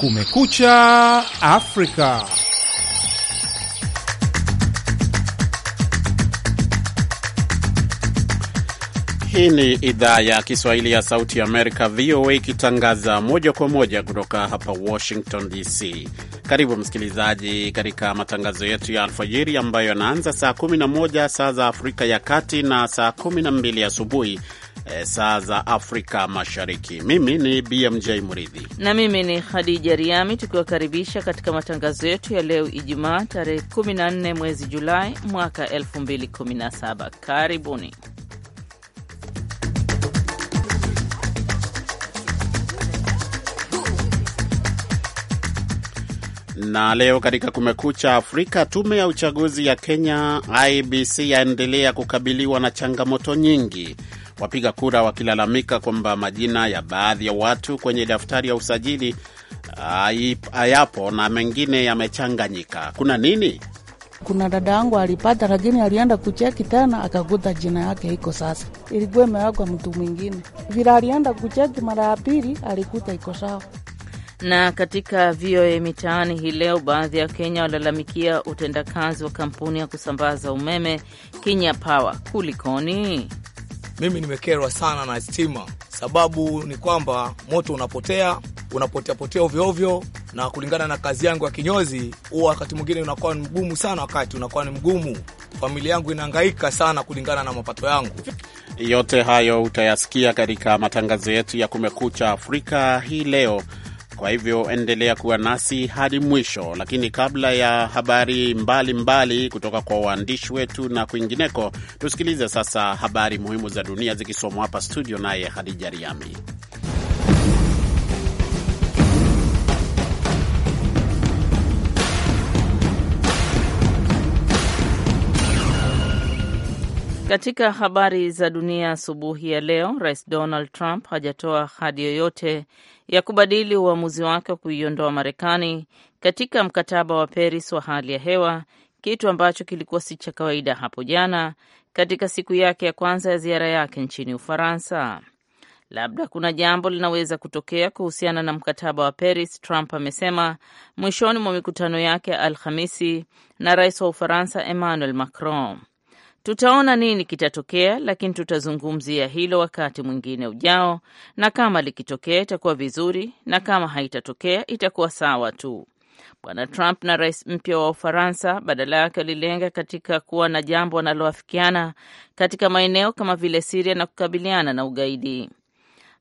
Kumekucha Afrika. Hii ni idhaa ya Kiswahili ya Sauti ya Amerika, VOA, ikitangaza moja kwa moja kutoka hapa Washington DC. Karibu msikilizaji, katika matangazo yetu ya alfajiri ambayo yanaanza saa 11 saa za Afrika ya Kati na saa 12 asubuhi Eh, saa za Afrika Mashariki. Mimi ni BMJ Mridhi na mimi ni Khadija Riami, tukiwakaribisha katika matangazo yetu ya leo Ijumaa tarehe 14 mwezi Julai mwaka 2017. Karibuni. na leo katika Kumekucha Afrika, tume ya uchaguzi ya Kenya IBC yaendelea kukabiliwa na changamoto nyingi wapiga kura wakilalamika kwamba majina ya baadhi ya watu kwenye daftari ya usajili hayapo na mengine yamechanganyika. Kuna nini? Kuna dada yangu alipata, lakini alienda kucheki tena akakuta jina yake iko sasa, ilikuwa imewekwa mtu mwingine. Vila alienda kucheki mara ya pili alikuta iko sawa. Na katika VOA Mitaani hii leo, baadhi ya Kenya walalamikia utendakazi wa kampuni ya kusambaza umeme Kenya Power. Kulikoni? mimi nimekerwa sana na stima, sababu ni kwamba moto unapotea unapotea potea ovyo ovyo, na kulingana na kazi yangu ya kinyozi, huwa wakati mwingine unakuwa ni mgumu sana, wakati unakuwa ni mgumu, familia yangu inahangaika sana kulingana na mapato yangu. Yote hayo utayasikia katika matangazo yetu ya Kumekucha Afrika hii leo kwa hivyo endelea kuwa nasi hadi mwisho, lakini kabla ya habari mbalimbali mbali kutoka kwa waandishi wetu na kwingineko, tusikilize sasa habari muhimu za dunia zikisomwa hapa studio naye Hadija Riami. Katika habari za dunia asubuhi ya leo, Rais Donald Trump hajatoa ahadi yoyote ya kubadili uamuzi wake wa kuiondoa Marekani katika mkataba wa Paris wa hali ya hewa, kitu ambacho kilikuwa si cha kawaida hapo jana katika siku yake ya kwanza ya ziara yake nchini Ufaransa. Labda kuna jambo linaweza kutokea kuhusiana na mkataba wa Paris, Trump amesema mwishoni mwa mikutano yake ya Alhamisi na rais wa Ufaransa Emmanuel Macron. Tutaona nini kitatokea, lakini tutazungumzia hilo wakati mwingine ujao, na kama likitokea itakuwa vizuri, na kama haitatokea itakuwa sawa tu. Bwana Trump na rais mpya wa Ufaransa badala yake alilenga katika kuwa na jambo wanaloafikiana katika maeneo kama vile Siria na kukabiliana na ugaidi.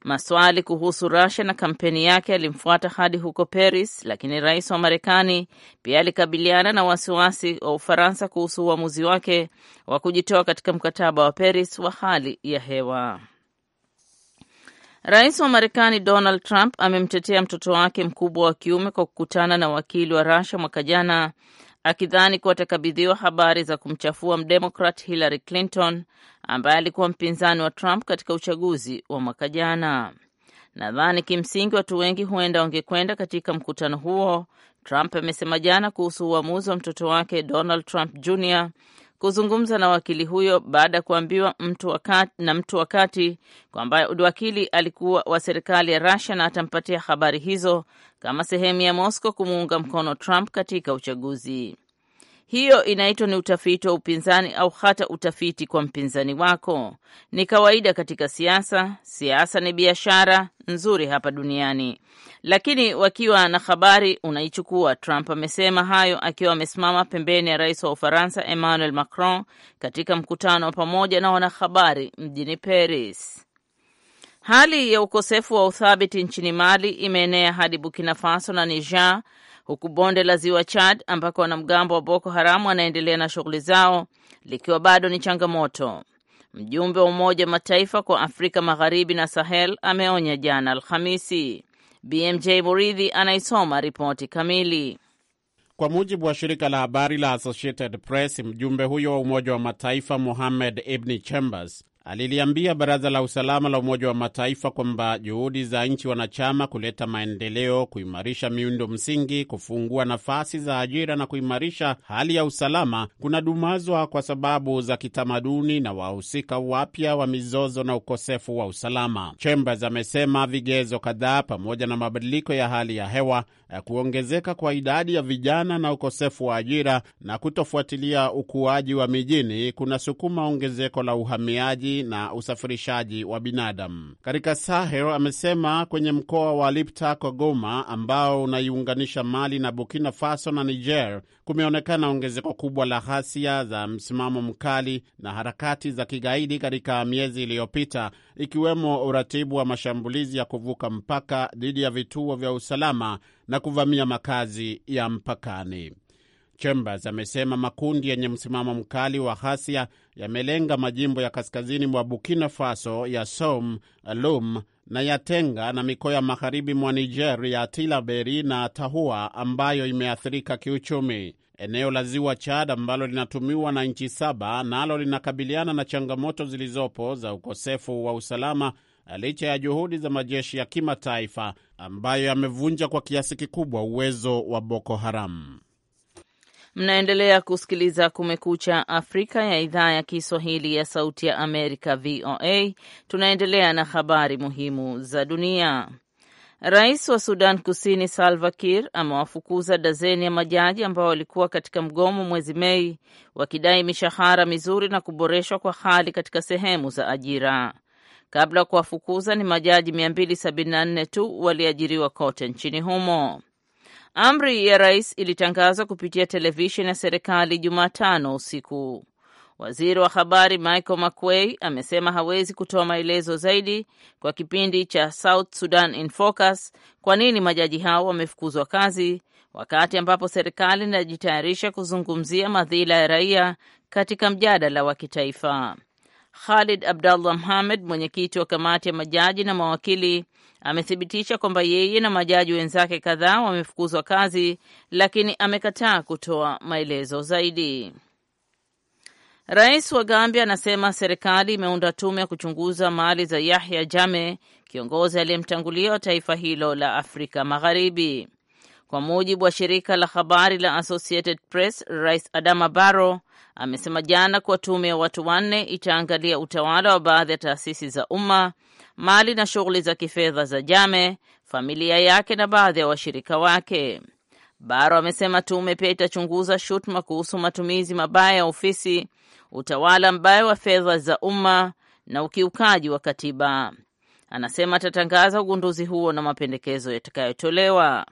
Maswali kuhusu Russia na kampeni yake yalimfuata hadi huko Paris, lakini rais wa Marekani pia alikabiliana na wasiwasi wa Ufaransa kuhusu uamuzi wake wa kujitoa katika mkataba wa Paris wa hali ya hewa. Rais wa Marekani Donald Trump amemtetea mtoto wake mkubwa wa kiume kwa kukutana na wakili wa rasha mwaka jana akidhani kuwa atakabidhiwa habari za kumchafua mdemokrat Hillary Clinton ambaye alikuwa mpinzani wa Trump katika uchaguzi wa mwaka jana. Nadhani kimsingi watu wengi huenda wangekwenda katika mkutano huo, Trump amesema jana kuhusu uamuzi wa mtoto wake Donald Trump Jr kuzungumza na wakili huyo baada ya kuambiwa mtu wakati, na mtu wakati kwamba wakili alikuwa wa serikali ya Russia na atampatia habari hizo kama sehemu ya Moscow kumuunga mkono Trump katika uchaguzi. Hiyo inaitwa ni utafiti wa upinzani au hata utafiti kwa mpinzani wako. Ni kawaida katika siasa. Siasa ni biashara nzuri hapa duniani, lakini wakiwa na habari unaichukua. Trump amesema hayo akiwa amesimama pembeni ya rais wa Ufaransa Emmanuel Macron katika mkutano wa pamoja na wanahabari mjini Paris. Hali ya ukosefu wa uthabiti nchini Mali imeenea hadi Burkina Faso na Niger huku bonde la ziwa Chad ambako wanamgambo wa Boko Haram wanaendelea na shughuli zao likiwa bado ni changamoto. Mjumbe wa Umoja wa Mataifa kwa Afrika Magharibi na Sahel ameonya jana Alhamisi. BMJ Muridhi anaisoma ripoti kamili. Kwa mujibu wa shirika la habari la Associated Press, mjumbe huyo wa Umoja wa Mataifa Mohamed Ibni Chambers aliliambia Baraza la Usalama la Umoja wa Mataifa kwamba juhudi za nchi wanachama kuleta maendeleo, kuimarisha miundo msingi, kufungua nafasi za ajira na kuimarisha hali ya usalama kunadumazwa kwa sababu za kitamaduni na wahusika wapya wa mizozo na ukosefu wa usalama. Chambers amesema vigezo kadhaa pamoja na mabadiliko ya hali ya hewa, eh, kuongezeka kwa idadi ya vijana na ukosefu wa ajira na kutofuatilia ukuaji wa mijini kunasukuma ongezeko la uhamiaji na usafirishaji wa binadamu katika Sahel, amesema kwenye mkoa wa lipta Goma ambao unaiunganisha Mali na Burkina Faso na Niger kumeonekana ongezeko kubwa la ghasia za msimamo mkali na harakati za kigaidi katika miezi iliyopita, ikiwemo uratibu wa mashambulizi ya kuvuka mpaka dhidi ya vituo vya usalama na kuvamia makazi ya mpakani. Chambers amesema makundi yenye msimamo mkali wa ghasia yamelenga majimbo ya kaskazini mwa Burkina Faso ya Soum, Lum na ya Tenga na mikoa ya magharibi mwa Niger ya Tilaberi na Tahua ambayo imeathirika kiuchumi. Eneo la ziwa Chad ambalo linatumiwa na nchi saba nalo na linakabiliana na changamoto zilizopo za ukosefu wa usalama licha ya juhudi za majeshi ya kimataifa ambayo yamevunja kwa kiasi kikubwa uwezo wa Boko Haram. Mnaendelea kusikiliza Kumekucha Afrika ya idhaa ya Kiswahili ya Sauti ya Amerika, VOA. Tunaendelea na habari muhimu za dunia. Rais wa Sudan Kusini Salva Kiir amewafukuza dazeni ya majaji ambao walikuwa katika mgomo mwezi Mei wakidai mishahara mizuri na kuboreshwa kwa hali katika sehemu za ajira. Kabla ya kuwafukuza, ni majaji 274 tu waliajiriwa kote nchini humo. Amri ya rais ilitangazwa kupitia televisheni ya serikali Jumatano usiku. Waziri wa habari Michael Makuei amesema hawezi kutoa maelezo zaidi kwa kipindi cha South Sudan in Focus kwa nini majaji hao wamefukuzwa kazi wakati ambapo serikali inajitayarisha kuzungumzia madhila ya raia katika mjadala wa kitaifa. Khalid Abdallah Mohamed, mwenyekiti wa kamati ya majaji na mawakili amethibitisha kwamba yeye na majaji wenzake kadhaa wamefukuzwa kazi, lakini amekataa kutoa maelezo zaidi. Rais wa Gambia anasema serikali imeunda tume ya kuchunguza mali za Yahya jame kiongozi aliyemtangulia wa taifa hilo la Afrika Magharibi. Kwa mujibu wa shirika la habari la Associated Press, Rais Adama Barrow amesema jana kuwa tume ya watu wanne itaangalia utawala wa baadhi ya taasisi za umma mali na shughuli za kifedha za Jame, familia yake na baadhi ya washirika wake. Baro amesema tume pia itachunguza shutuma kuhusu matumizi mabaya ya ofisi, utawala mbaya wa fedha za umma na ukiukaji wa katiba. Anasema atatangaza ugunduzi huo na mapendekezo yatakayotolewa.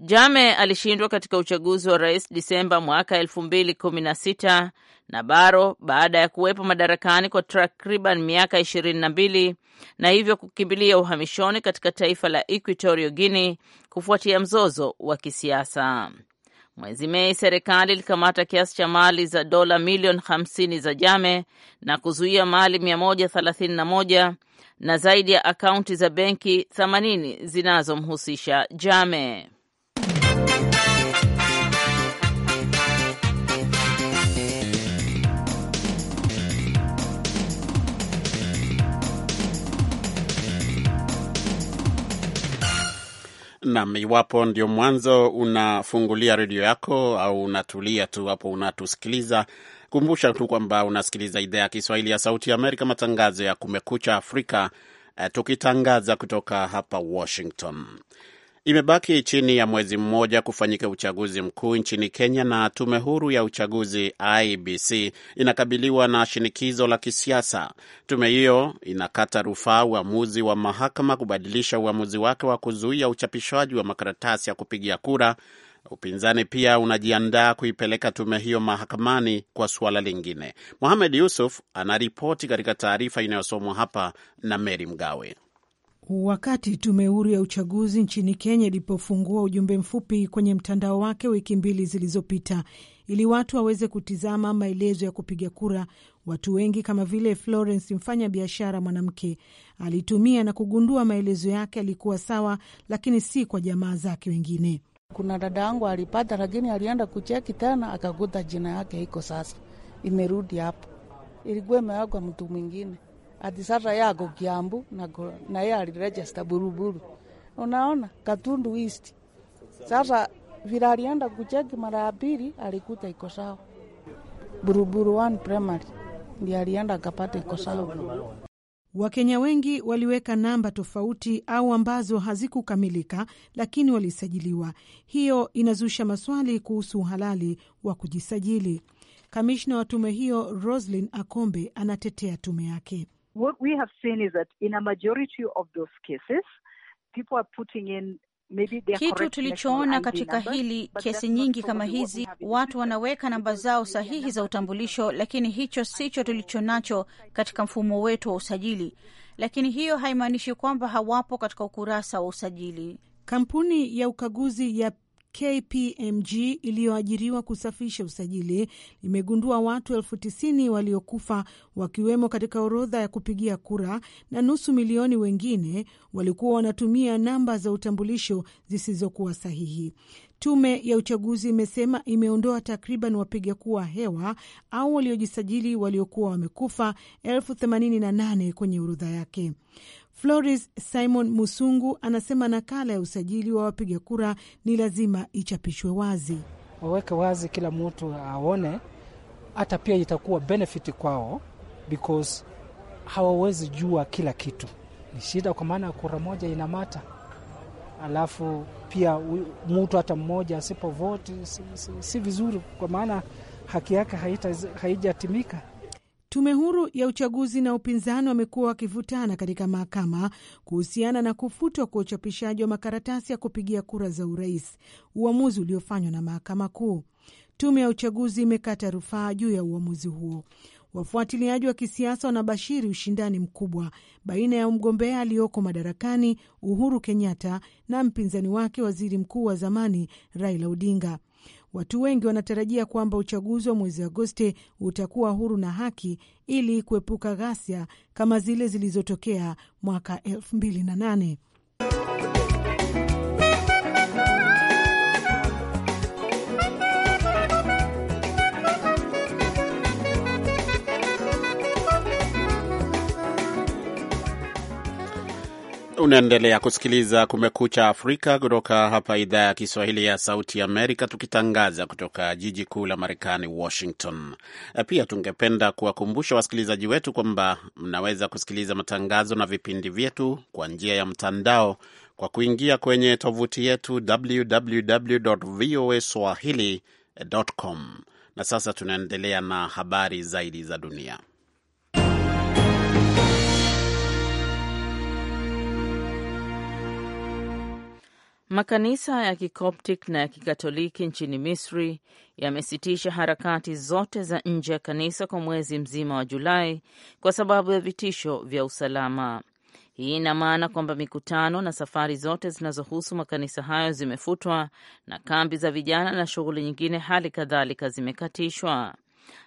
Jame alishindwa katika uchaguzi wa rais Disemba mwaka elfu mbili kumi na sita na Baro baada ya kuwepo madarakani kwa takriban miaka ishirini na mbili na hivyo kukimbilia uhamishoni katika taifa la Equatorio Guinea kufuatia mzozo wa kisiasa. Mwezi Mei, serikali ilikamata kiasi cha mali za dola milioni hamsini za Jame na kuzuia mali 131 na zaidi ya akaunti za benki 80 zinazomhusisha Jame. Nam, iwapo ndio mwanzo unafungulia redio yako au unatulia tu hapo unatusikiliza, kumbusha tu kwamba unasikiliza idhaa ya Kiswahili ya Sauti ya Amerika, matangazo ya Kumekucha Afrika, eh, tukitangaza kutoka hapa Washington. Imebaki chini ya mwezi mmoja kufanyika uchaguzi mkuu nchini Kenya, na tume huru ya uchaguzi IBC inakabiliwa na shinikizo la kisiasa. Tume hiyo inakata rufaa uamuzi wa mahakama kubadilisha uamuzi wake wa kuzuia uchapishwaji wa makaratasi ya kupigia kura. Upinzani pia unajiandaa kuipeleka tume hiyo mahakamani kwa suala lingine. Mohamed Yusuf anaripoti katika taarifa inayosomwa hapa na Meri Mgawe. Wakati tume huru ya uchaguzi nchini Kenya ilipofungua ujumbe mfupi kwenye mtandao wake wiki mbili zilizopita, ili watu waweze kutizama maelezo ya kupiga kura, watu wengi kama vile Florence, mfanya biashara mwanamke, alitumia na kugundua maelezo yake alikuwa sawa, lakini si kwa jamaa zake wengine. Kuna dada yangu alipata, lakini alienda kucheki tena akakuta jina yake iko sasa imerudi hapo, ilikuwa imewekwa mtu mwingine atisasa yako Kiambu naye alirejesta Buruburu, unaona Katundu East. Sasa vile alienda kucheki mara ya pili alikuta iko sawa. Buruburu one primary ndio alienda akapata iko sawa. Wakenya wengi waliweka namba tofauti au ambazo hazikukamilika lakini walisajiliwa. Hiyo inazusha maswali kuhusu uhalali wa kujisajili. Kamishna wa tume hiyo Roslyn Akombe anatetea tume yake what we have seen is that in a majority of those cases, people are putting in kitu tulichoona katika hili kesi nyingi kama hizi, watu wanaweka namba zao sahihi za utambulisho, lakini hicho sicho tulichonacho katika mfumo wetu wa usajili. Lakini hiyo haimaanishi kwamba hawapo katika ukurasa wa usajili. Kampuni ya ukaguzi ya KPMG iliyoajiriwa kusafisha usajili limegundua watu elfu tisini waliokufa wakiwemo katika orodha ya kupigia kura na nusu milioni wengine walikuwa wanatumia namba za utambulisho zisizokuwa sahihi. Tume ya uchaguzi imesema imeondoa takriban wapiga kuwa hewa au waliojisajili waliokuwa wamekufa elfu themanini na nane kwenye orodha yake floris Simon Musungu anasema nakala ya usajili wa wapiga kura ni lazima ichapishwe wazi, waweke wazi, kila mtu aone. Hata pia itakuwa benefit kwao because hawawezi jua kila kitu, ni shida, kwa maana kura moja inamata. Alafu pia mtu hata mmoja asipovoti si, si, si vizuri, kwa maana haki yake haijatimika. Tume huru ya uchaguzi na upinzani wamekuwa wakivutana katika mahakama kuhusiana na kufutwa kwa uchapishaji wa makaratasi ya kupigia kura za urais, uamuzi uliofanywa na mahakama kuu. Tume ya uchaguzi imekata rufaa juu ya uamuzi huo. Wafuatiliaji wa kisiasa wanabashiri ushindani mkubwa baina ya mgombea aliyoko madarakani Uhuru Kenyatta na mpinzani wake waziri mkuu wa zamani Raila Odinga. Watu wengi wanatarajia kwamba uchaguzi wa mwezi Agosti utakuwa huru na haki ili kuepuka ghasia kama zile zilizotokea mwaka 2008. Unaendelea kusikiliza Kumekucha Afrika kutoka hapa idhaa ya Kiswahili ya Sauti Amerika, tukitangaza kutoka jiji kuu la Marekani, Washington. E, pia tungependa kuwakumbusha wasikilizaji wetu kwamba mnaweza kusikiliza matangazo na vipindi vyetu kwa njia ya mtandao kwa kuingia kwenye tovuti yetu www.voaswahili.com. Na sasa tunaendelea na habari zaidi za dunia. Makanisa ya Kikoptic na ya Kikatoliki nchini Misri yamesitisha harakati zote za nje ya kanisa kwa mwezi mzima wa Julai kwa sababu ya vitisho vya usalama. Hii ina maana kwamba mikutano na safari zote zinazohusu makanisa hayo zimefutwa na kambi za vijana na shughuli nyingine hali kadhalika zimekatishwa.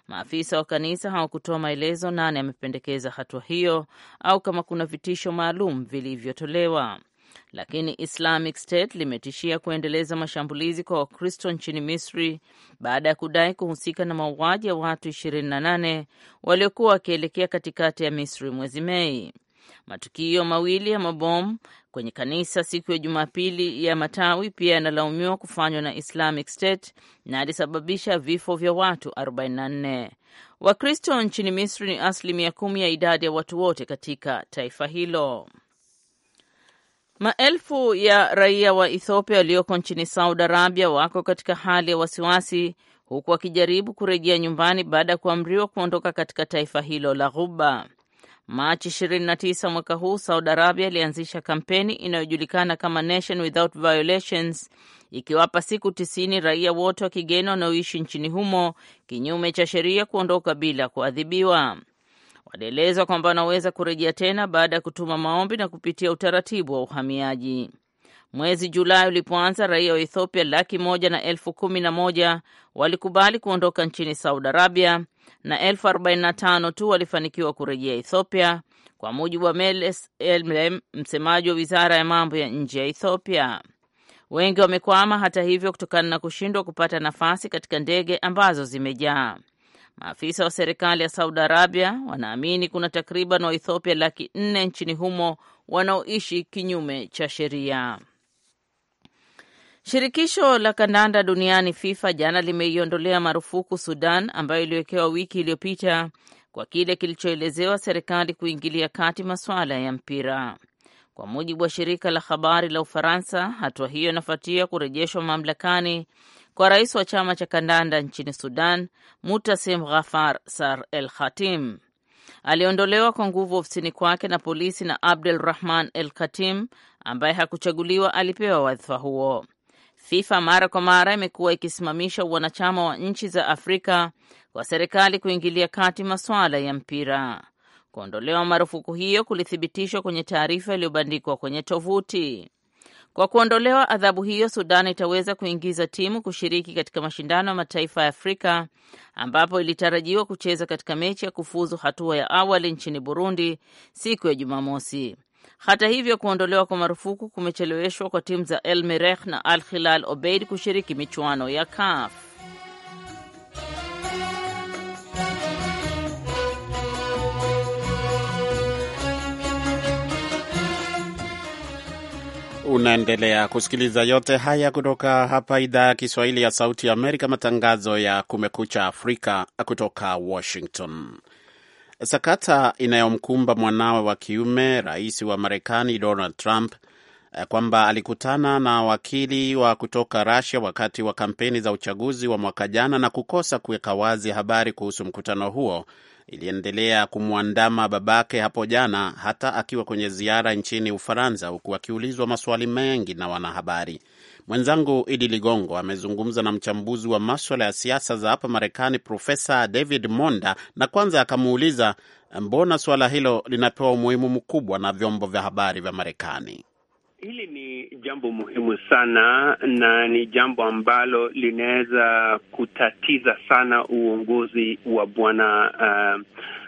Maafisa wa kanisa hawakutoa maelezo nani amependekeza hatua hiyo au kama kuna vitisho maalum vilivyotolewa lakini Islamic State limetishia kuendeleza mashambulizi kwa Wakristo nchini Misri baada ya kudai kuhusika na mauaji ya watu 28 waliokuwa wakielekea katikati ya Misri mwezi Mei. Matukio mawili ya mabomu kwenye kanisa siku ya Jumapili ya matawi pia yanalaumiwa kufanywa na Islamic State na alisababisha vifo vya watu 44. Wakristo nchini Misri ni asilimia kumi ya idadi ya watu wote katika taifa hilo. Maelfu ya raia wa Ethiopia walioko nchini Saudi Arabia wako katika hali ya wasiwasi huku wakijaribu kurejea nyumbani baada ya kuamriwa kuondoka katika taifa hilo la Ghuba. Machi 29 mwaka huu, Saudi Arabia ilianzisha kampeni inayojulikana kama Nation Without Violations, ikiwapa siku 90 raia wote wa kigeni wanaoishi nchini humo kinyume cha sheria kuondoka bila kuadhibiwa walielezwa kwamba wanaweza kurejea tena baada ya kutuma maombi na kupitia utaratibu wa uhamiaji. Mwezi Julai ulipoanza, raia wa Ethiopia laki moja na elfu kumi na moja walikubali kuondoka nchini Saudi Arabia na elfu arobaini na tano tu walifanikiwa kurejea Ethiopia, kwa mujibu wa Meles Elmlem, msemaji wa wizara ya mambo ya nje ya Ethiopia. Wengi wamekwama hata hivyo, kutokana na kushindwa kupata nafasi katika ndege ambazo zimejaa. Maafisa wa serikali ya Saudi Arabia wanaamini kuna takriban Waethiopia laki nne nchini humo wanaoishi kinyume cha sheria. Shirikisho la kandanda duniani FIFA jana limeiondolea marufuku Sudan ambayo iliwekewa wiki iliyopita kwa kile kilichoelezewa serikali kuingilia kati masuala ya mpira. Kwa mujibu wa shirika la habari la Ufaransa, hatua hiyo inafuatia kurejeshwa mamlakani kwa rais wa chama cha kandanda nchini Sudan, Mutasim Ghafar Sar El Khatim. Aliondolewa kwa nguvu ofisini kwake na polisi, na abdul Rahman El Khatim ambaye hakuchaguliwa alipewa wadhifa huo. FIFA mara kwa mara imekuwa ikisimamisha wanachama wa nchi za Afrika kwa serikali kuingilia kati masuala ya mpira. Kuondolewa marufuku hiyo kulithibitishwa kwenye taarifa iliyobandikwa kwenye tovuti. Kwa kuondolewa adhabu hiyo, Sudan itaweza kuingiza timu kushiriki katika mashindano ya mataifa ya Afrika ambapo ilitarajiwa kucheza katika mechi ya kufuzu hatua ya awali nchini Burundi siku ya Jumamosi. Hata hivyo, kuondolewa kwa marufuku kumecheleweshwa kwa timu za El Merreikh na Al Hilal Obeid kushiriki michuano ya CAF. Unaendelea kusikiliza yote haya kutoka hapa idhaa ya Kiswahili ya Sauti ya Amerika, matangazo ya Kumekucha Afrika kutoka Washington. Sakata inayomkumba mwanawe wa kiume rais wa Marekani Donald Trump eh, kwamba alikutana na wakili wa kutoka Russia wakati wa kampeni za uchaguzi wa mwaka jana na kukosa kuweka wazi habari kuhusu mkutano huo iliendelea kumwandama babake hapo jana hata akiwa kwenye ziara nchini Ufaransa, huku akiulizwa maswali mengi na wanahabari. Mwenzangu Idi Ligongo amezungumza na mchambuzi wa maswala ya siasa za hapa Marekani, Profesa David Monda, na kwanza akamuuliza mbona suala hilo linapewa umuhimu mkubwa na vyombo vya habari vya Marekani. Hili ni jambo muhimu sana na ni jambo ambalo linaweza kutatiza sana uongozi wa bwana uh,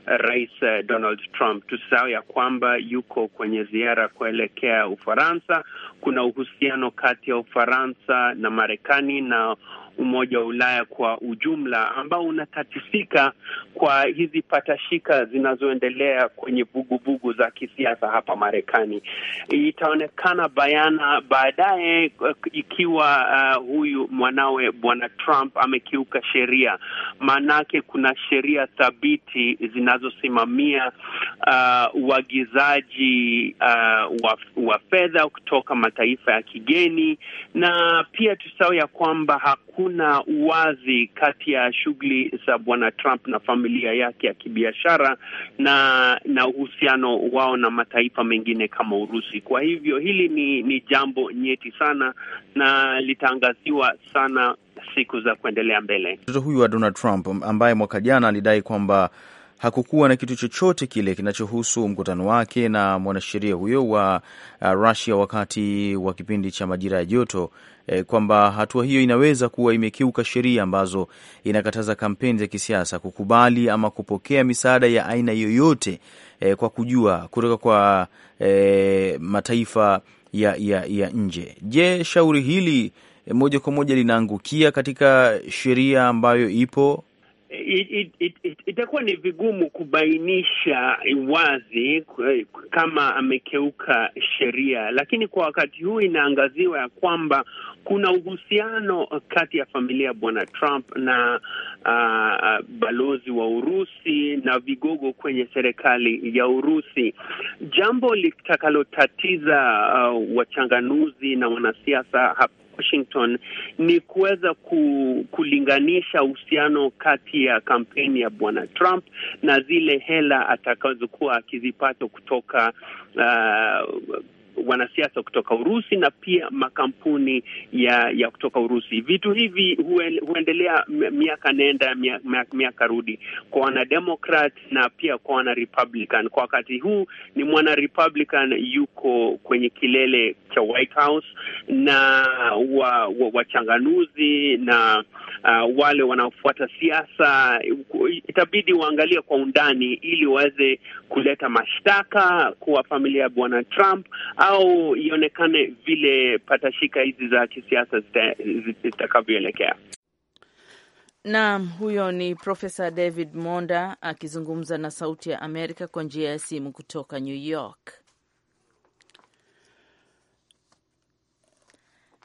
Rais uh, Donald Trump. Tusahau ya kwamba yuko kwenye ziara kuelekea Ufaransa. Kuna uhusiano kati ya Ufaransa na Marekani na Umoja wa Ulaya kwa ujumla, ambao unatatisika kwa hizi patashika zinazoendelea kwenye vuguvugu za kisiasa hapa Marekani. Itaonekana bayana baadaye ikiwa uh, huyu mwanawe Bwana Trump amekiuka sheria, maanake kuna sheria thabiti zinazosimamia uh, uagizaji uh, uh, wa, wa fedha kutoka mataifa ya kigeni, na pia tusahau ya kwamba haku hakuna uwazi kati ya shughuli za bwana Trump na familia yake ya kibiashara na na uhusiano wao na mataifa mengine kama Urusi. Kwa hivyo hili ni, ni jambo nyeti sana na litaangaziwa sana siku za kuendelea mbele. Mtoto huyu wa Donald Trump ambaye mwaka jana alidai kwamba hakukuwa na kitu chochote kile kinachohusu mkutano wake na mwanasheria huyo wa uh, Russia wakati wa kipindi cha majira ya joto eh, kwamba hatua hiyo inaweza kuwa imekiuka sheria ambazo inakataza kampeni za kisiasa kukubali ama kupokea misaada ya aina yoyote eh, kwa kujua kutoka kwa eh, mataifa ya, ya, ya nje. Je, shauri hili moja kwa moja linaangukia katika sheria ambayo ipo it, it, it, itakuwa ni vigumu kubainisha wazi eh, kama amekeuka sheria, lakini kwa wakati huu inaangaziwa ya kwamba kuna uhusiano kati ya familia ya bwana Trump na uh, balozi wa Urusi na vigogo kwenye serikali ya Urusi, jambo litakalotatiza uh, wachanganuzi na wanasiasa hapa Washington ni kuweza ku, kulinganisha uhusiano kati ya kampeni ya bwana Trump na zile hela atakazokuwa akizipata kutoka uh, wanasiasa kutoka Urusi na pia makampuni ya ya kutoka Urusi. Vitu hivi huendelea miaka nenda miaka rudi kwa wanademokrat na pia kwa wanarepublican. Kwa wakati huu ni mwanarpblican yuko kwenye kilele cha White House na wachanganuzi wa, wachanganuzi na uh, wale wanaofuata siasa itabidi waangalie kwa undani ili waweze kuleta mashtaka kwa familia ya Bwana Trump au ionekane vile patashika hizi za kisiasa zitakavyoelekea. Naam, huyo ni Profesa David Monda akizungumza na Sauti ya Amerika kwa njia ya simu kutoka New York.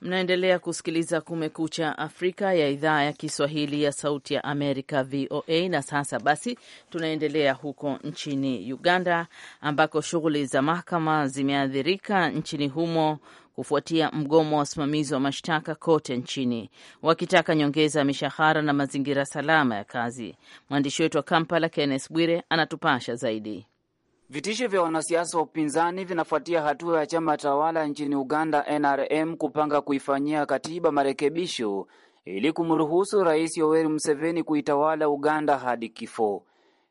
Mnaendelea kusikiliza Kumekucha Afrika ya idhaa ya Kiswahili ya Sauti ya Amerika, VOA. Na sasa basi, tunaendelea huko nchini Uganda ambako shughuli za mahakama zimeathirika nchini humo kufuatia mgomo wa wasimamizi wa mashtaka kote nchini wakitaka nyongeza ya mishahara na mazingira salama ya kazi. Mwandishi wetu wa Kampala, Kenneth Bwire, anatupasha zaidi. Vitisho vya wanasiasa wa upinzani vinafuatia hatua ya chama tawala nchini Uganda NRM kupanga kuifanyia katiba marekebisho ili kumruhusu Rais Yoweri Museveni kuitawala Uganda hadi kifo.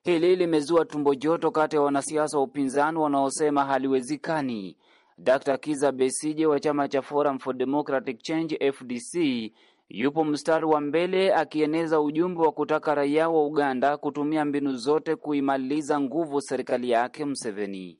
Hili limezua tumbo joto kati ya wanasiasa wa upinzani wanaosema haliwezekani. Dr. Kiza Besije wa chama cha Forum for Democratic Change FDC yupo mstari wa mbele akieneza ujumbe wa kutaka raia wa Uganda kutumia mbinu zote kuimaliza nguvu serikali yake Museveni.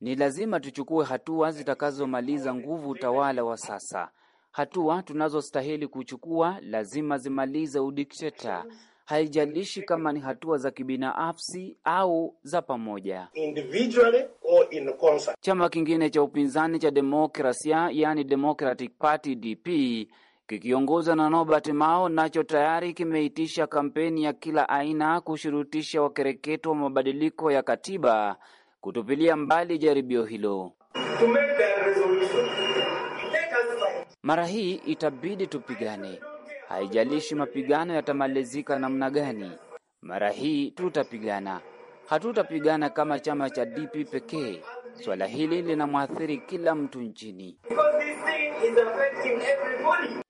Ni lazima tuchukue hatua zitakazomaliza nguvu utawala wa sasa. Hatua tunazostahili kuchukua lazima zimalize udikteta haijalishi kama ni hatua za kibinafsi au za pamoja. Chama kingine cha upinzani cha demokrasia yani Democratic Party DP kikiongozwa na Norbert Mao nacho tayari kimeitisha kampeni ya kila aina kushurutisha wakereketo wa mabadiliko ya katiba kutupilia mbali jaribio hilo. Mara hii itabidi tupigane Haijalishi mapigano yatamalizika namna gani, mara hii tutapigana. Hatutapigana kama chama cha DP pekee. Swala hili linamwathiri kila mtu nchini.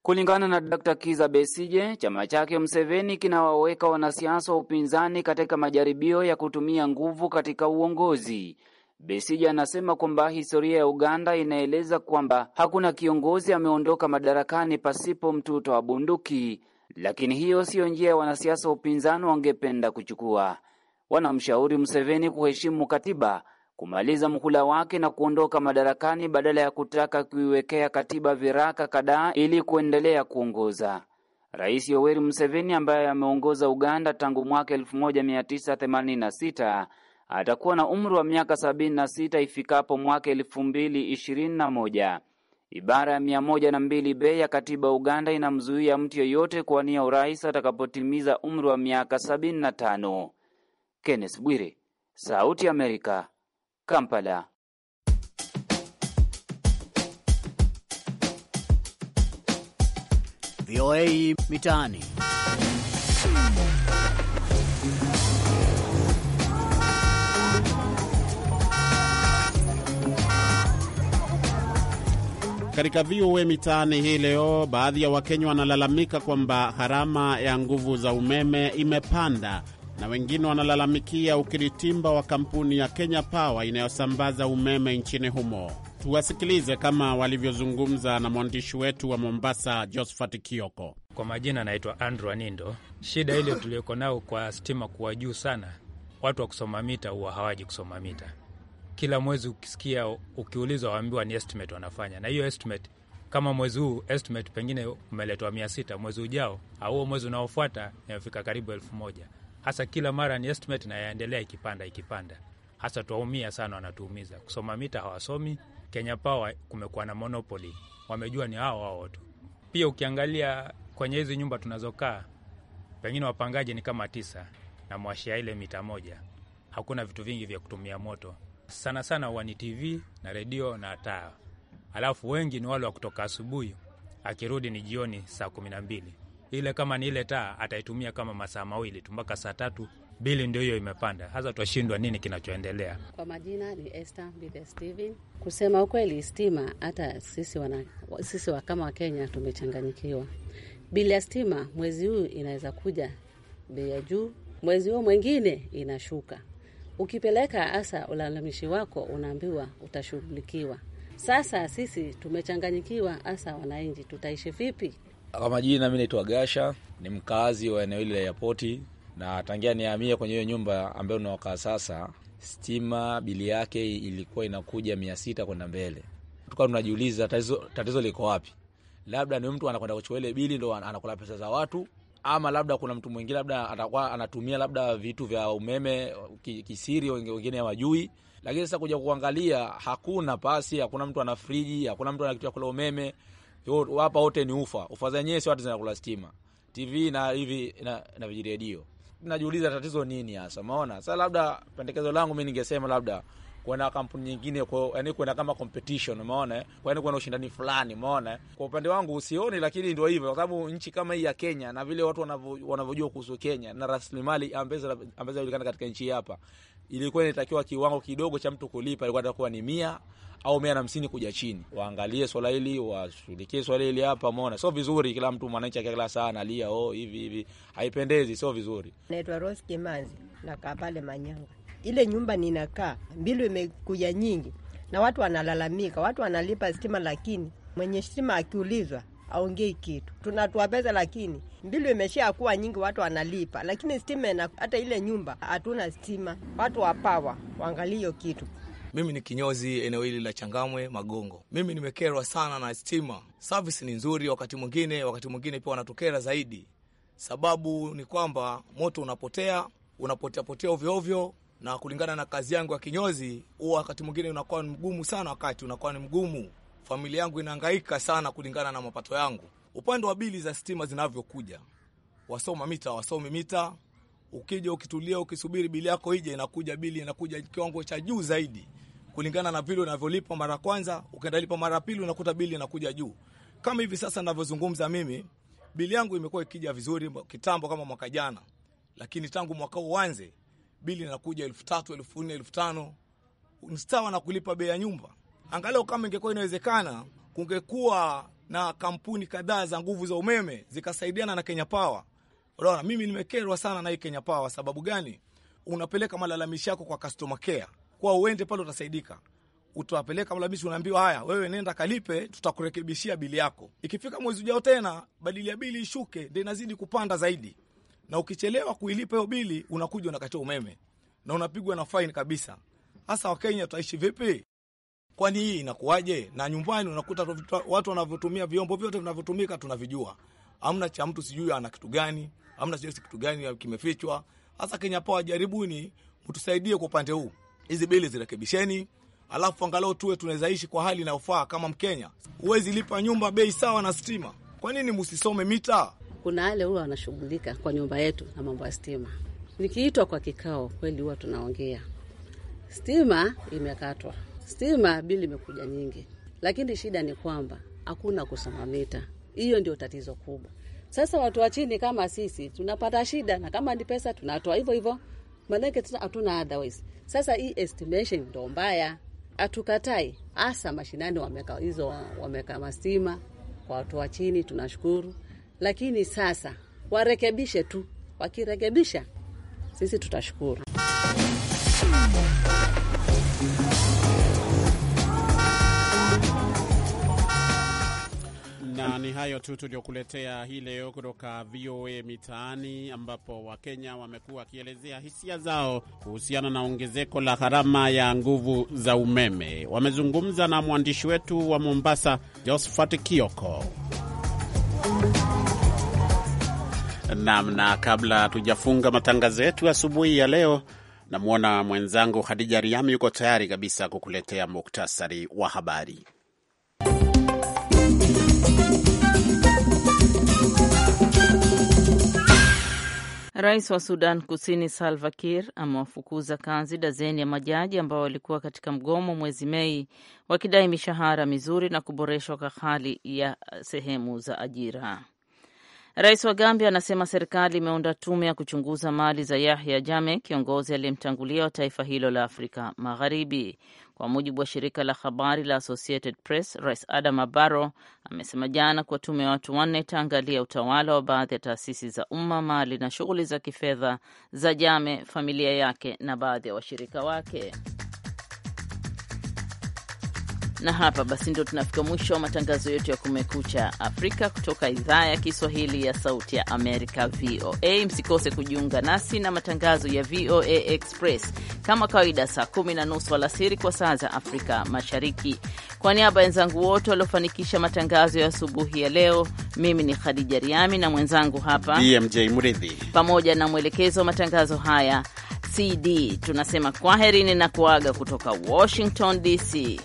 Kulingana na Dr. Kiza Besije, chama chake Mseveni kinawaweka wanasiasa wa upinzani katika majaribio ya kutumia nguvu katika uongozi. Besija anasema kwamba historia ya Uganda inaeleza kwamba hakuna kiongozi ameondoka madarakani pasipo mtuto wa bunduki, lakini hiyo siyo njia ya wanasiasa wa upinzani wangependa kuchukua. Wanamshauri Museveni kuheshimu katiba, kumaliza mhula wake na kuondoka madarakani badala ya kutaka kuiwekea katiba viraka kadhaa ili kuendelea kuongoza. Rais Yoweri Museveni ambaye ameongoza Uganda tangu mwaka 1986 atakuwa na umri wa miaka sabini na sita ifikapo mwaka elfu mbili ishirini na moja. Ibara ya mia moja na mbili b ya katiba ya Uganda inamzuia mtu yeyote kuwania urais atakapotimiza umri wa miaka sabini na tano. Kenneth Bwire, Sauti Amerika, Kampala. VOA Mitaani. Katika VOA Mitaani hii leo, baadhi ya Wakenya wanalalamika kwamba gharama ya nguvu za umeme imepanda na wengine wanalalamikia ukiritimba wa kampuni ya Kenya Power inayosambaza umeme nchini humo. Tuwasikilize kama walivyozungumza na mwandishi wetu wa Mombasa, Josphat Kioko. Kwa majina anaitwa Andrew Anindo. Shida ile tuliyoko nao kwa stima kuwa juu sana, watu wa kusoma mita huwa hawaji kusoma mita kila mwezi ukisikia, ukiulizwa, waambiwa ni estimate wanafanya, na hiyo estimate kama mwezi huu estimate pengine umeletwa mia sita, mwezi ujao au huo mwezi unaofuata inafika karibu elfu moja. Hasa kila mara ni estimate na yaendelea ikipanda ikipanda. Hasa twaumia sana, wanatuumiza. Kusoma mita hawasomi. Kenya Power kumekuwa na monopoli, wamejua ni hao hao tu. Pia ukiangalia kwenye hizi nyumba tunazokaa, pengine wapangaji ni kama tisa na mwashia ile mita moja, hakuna vitu vingi vya kutumia moto sana sana wani TV na redio na taa, alafu wengi ni wale wa kutoka asubuhi, akirudi ni jioni saa kumi na mbili. Ile kama ni ile taa ataitumia kama masaa mawili tu mpaka saa tatu. Bili ndio hiyo imepanda, hasa twashindwa nini kinachoendelea. Kwa majina ni Esther Bide Steven. Kusema ukweli, stima hata sisi, wana, sisi wa kama Wakenya tumechanganyikiwa. Bili ya stima mwezi huu inaweza kuja bei ya juu, mwezi huo mwingine inashuka Ukipeleka hasa ulalamishi wako, unaambiwa utashughulikiwa. Sasa sisi tumechanganyikiwa, hasa wananchi, tutaishi vipi? Kwa majina, mi naitwa Gasha, ni mkazi wa eneo hili la yapoti, na tangia niamia kwenye hiyo nyumba ambayo unaokaa sasa, stima bili yake ilikuwa inakuja mia sita kwenda mbele. Tukawa tunajiuliza tatizo, tatizo liko wapi? Labda ni mtu anakwenda kuchukua ile bili ndo anakula pesa za watu ama labda kuna mtu mwingine labda atakuwa anatumia labda vitu vya umeme kisiri, wengine hawajui. Lakini sasa kuja kuangalia, hakuna pasi, hakuna mtu ana friji, hakuna mtu ana kitu cha kula umeme. Hapa wote ni ufa, ufa zenyewe si watu zinakula stima, TV na hivi na, na vijiredio. Najiuliza tatizo nini hasa, maona sasa. Labda pendekezo langu mi ningesema labda kuna kampuni nyingine, yani kuna kama competition, umeona, yani kuna ushindani fulani, umeona. Kwa upande wangu usioni, lakini ndio hivyo, kwa sababu nchi kama hii ya Kenya na vile watu wanavyojua kuhusu Kenya na rasilimali ambazo ambazo zinajulikana katika nchi hapa, ilikuwa inatakiwa kiwango kidogo cha mtu kulipa, ilikuwa inatakiwa ni mia au mia na hamsini kuja chini. Waangalie swala hili, washughulikie swala hili hapa, umeona. Sio vizuri kila mtu mwananchi akila saa analia oh, hivi hivi, haipendezi, sio vizuri. Naitwa Rose Kimanzi, nakaa pale Manyanga ile nyumba ninakaa, mbilu imekuja nyingi na watu wanalalamika, watu wanalipa stima, lakini mwenye stima akiulizwa aongei kitu. Tunatoa pesa lakini mbilu imeshia kuwa nyingi, watu wanalipa, lakini stima na hata ile nyumba hatuna stima. Watu wapawa waangalie hiyo kitu. Mimi ni kinyozi eneo hili la Changamwe Magongo. Mimi nimekerwa sana na stima. Service ni nzuri wakati mwingine, wakati mwingine pia wanatukera zaidi. Sababu ni kwamba moto unapotea, unapotea potea ovyo ovyo, na kulingana na kazi yangu ya kinyozi, huwa wakati mwingine unakuwa ni mgumu sana, wakati unakuwa ni mgumu, familia yangu inahangaika sana kulingana na mapato yangu. Upande wa bili za stima zinavyokuja, wasoma mita, wasomi mita, ukija ukitulia, ukisubiri bili yako ije, inakuja bili inakuja kiwango cha juu zaidi kulingana na vile unavyolipa mara kwanza, ukaenda lipa mara pili, unakuta bili inakuja juu. Kama hivi sasa ninavyozungumza mimi, bili yangu imekuwa ikija vizuri kitambo, kama mwaka jana, lakini tangu mwaka huu uanze bili inakuja elfu tatu elfu nne elfu tano sawa na kulipa bei ya nyumba. Angalau kama ingekuwa inawezekana, kungekuwa na kampuni kadhaa za nguvu za umeme zikasaidiana na Kenya Power. Unaona, mimi nimekerwa sana na hii Kenya Power. Sababu gani? Unapeleka malalamishi yako kwa customer care, kwa uende pale utasaidika. Utawapeleka malalamishi, unaambiwa haya, wewe nenda kalipe, tutakurekebishia bili yako. Ikifika mwezi ujao tena, badili ya bili ishuke, ndo inazidi kupanda zaidi na ukichelewa kuilipa hiyo bili unakuja unakatia umeme na unapigwa na faini kabisa. Hasa Wakenya tutaishi vipi? Kwani hii inakuwaje? Na nyumbani unakuta watu wanavyotumia vyombo vyote vinavyotumika tunavijua, amna cha mtu sijui ana kitu gani, amna sijui kitu gani kimefichwa. Hasa Kenya Power, jaribuni mtusaidie kwa upande huu, hizi bili zirekebisheni, alafu angalau tuwe tunawezaishi kwa hali inayofaa kama Mkenya. Huwezi lipa nyumba bei sawa na stima, kwa nini musisome mita? kuna wale huwa wanashughulika kwa nyumba yetu na mambo ya stima. Nikiitwa kwa kikao, kweli huwa tunaongea. Stima imekatwa, stima bili imekuja nyingi, lakini shida ni kwamba hakuna kusoma mita. Hiyo ndio tatizo kubwa. Sasa watu wa chini kama sisi tunapata shida, na kama ni pesa tunatoa hivyo hivyo, maanake hatuna otherwise. Sasa hii estimation ndo mbaya, hatukatai hasa mashinani wameka hizo wameka mastima kwa watu wa chini, tunashukuru lakini sasa warekebishe tu, wakirekebisha sisi tutashukuru. Na ni hayo tu tuliokuletea hii leo kutoka VOA Mitaani, ambapo Wakenya wamekuwa wakielezea hisia zao kuhusiana na ongezeko la gharama ya nguvu za umeme. Wamezungumza na mwandishi wetu wa Mombasa, Josephat Kioko. Naam, na kabla tujafunga matangazo yetu asubuhi ya leo, namwona mwenzangu Khadija Riami yuko tayari kabisa kukuletea muktasari wa habari. Rais wa Sudan Kusini Salva Kiir amewafukuza kazi dazeni ya majaji ambao walikuwa katika mgomo mwezi Mei wakidai mishahara mizuri na kuboreshwa kwa hali ya sehemu za ajira. Rais wa Gambia anasema serikali imeunda tume ya kuchunguza mali za Yahya jame kiongozi aliyemtangulia wa taifa hilo la Afrika Magharibi. Kwa mujibu wa shirika la habari la Associated Press, Rais Adama Barrow amesema jana kuwa tume ya watu wanne itaangalia utawala wa baadhi ya taasisi za umma, mali na shughuli za kifedha za jame familia yake na baadhi ya washirika wake. Na hapa basi ndio tunafika mwisho wa matangazo yetu ya Kumekucha Afrika kutoka idhaa ya Kiswahili ya Sauti ya Amerika, VOA. Msikose kujiunga nasi na matangazo ya VOA Express kama kawaida, saa kumi na nusu alasiri kwa saa za Afrika Mashariki. Kwa niaba ya wenzangu wote waliofanikisha matangazo ya asubuhi ya leo, mimi ni Khadija Riami na mwenzangu hapa BMJ Mridhi, pamoja na mwelekezo wa matangazo haya CD, tunasema kwaherini na kuaga kutoka Washington DC.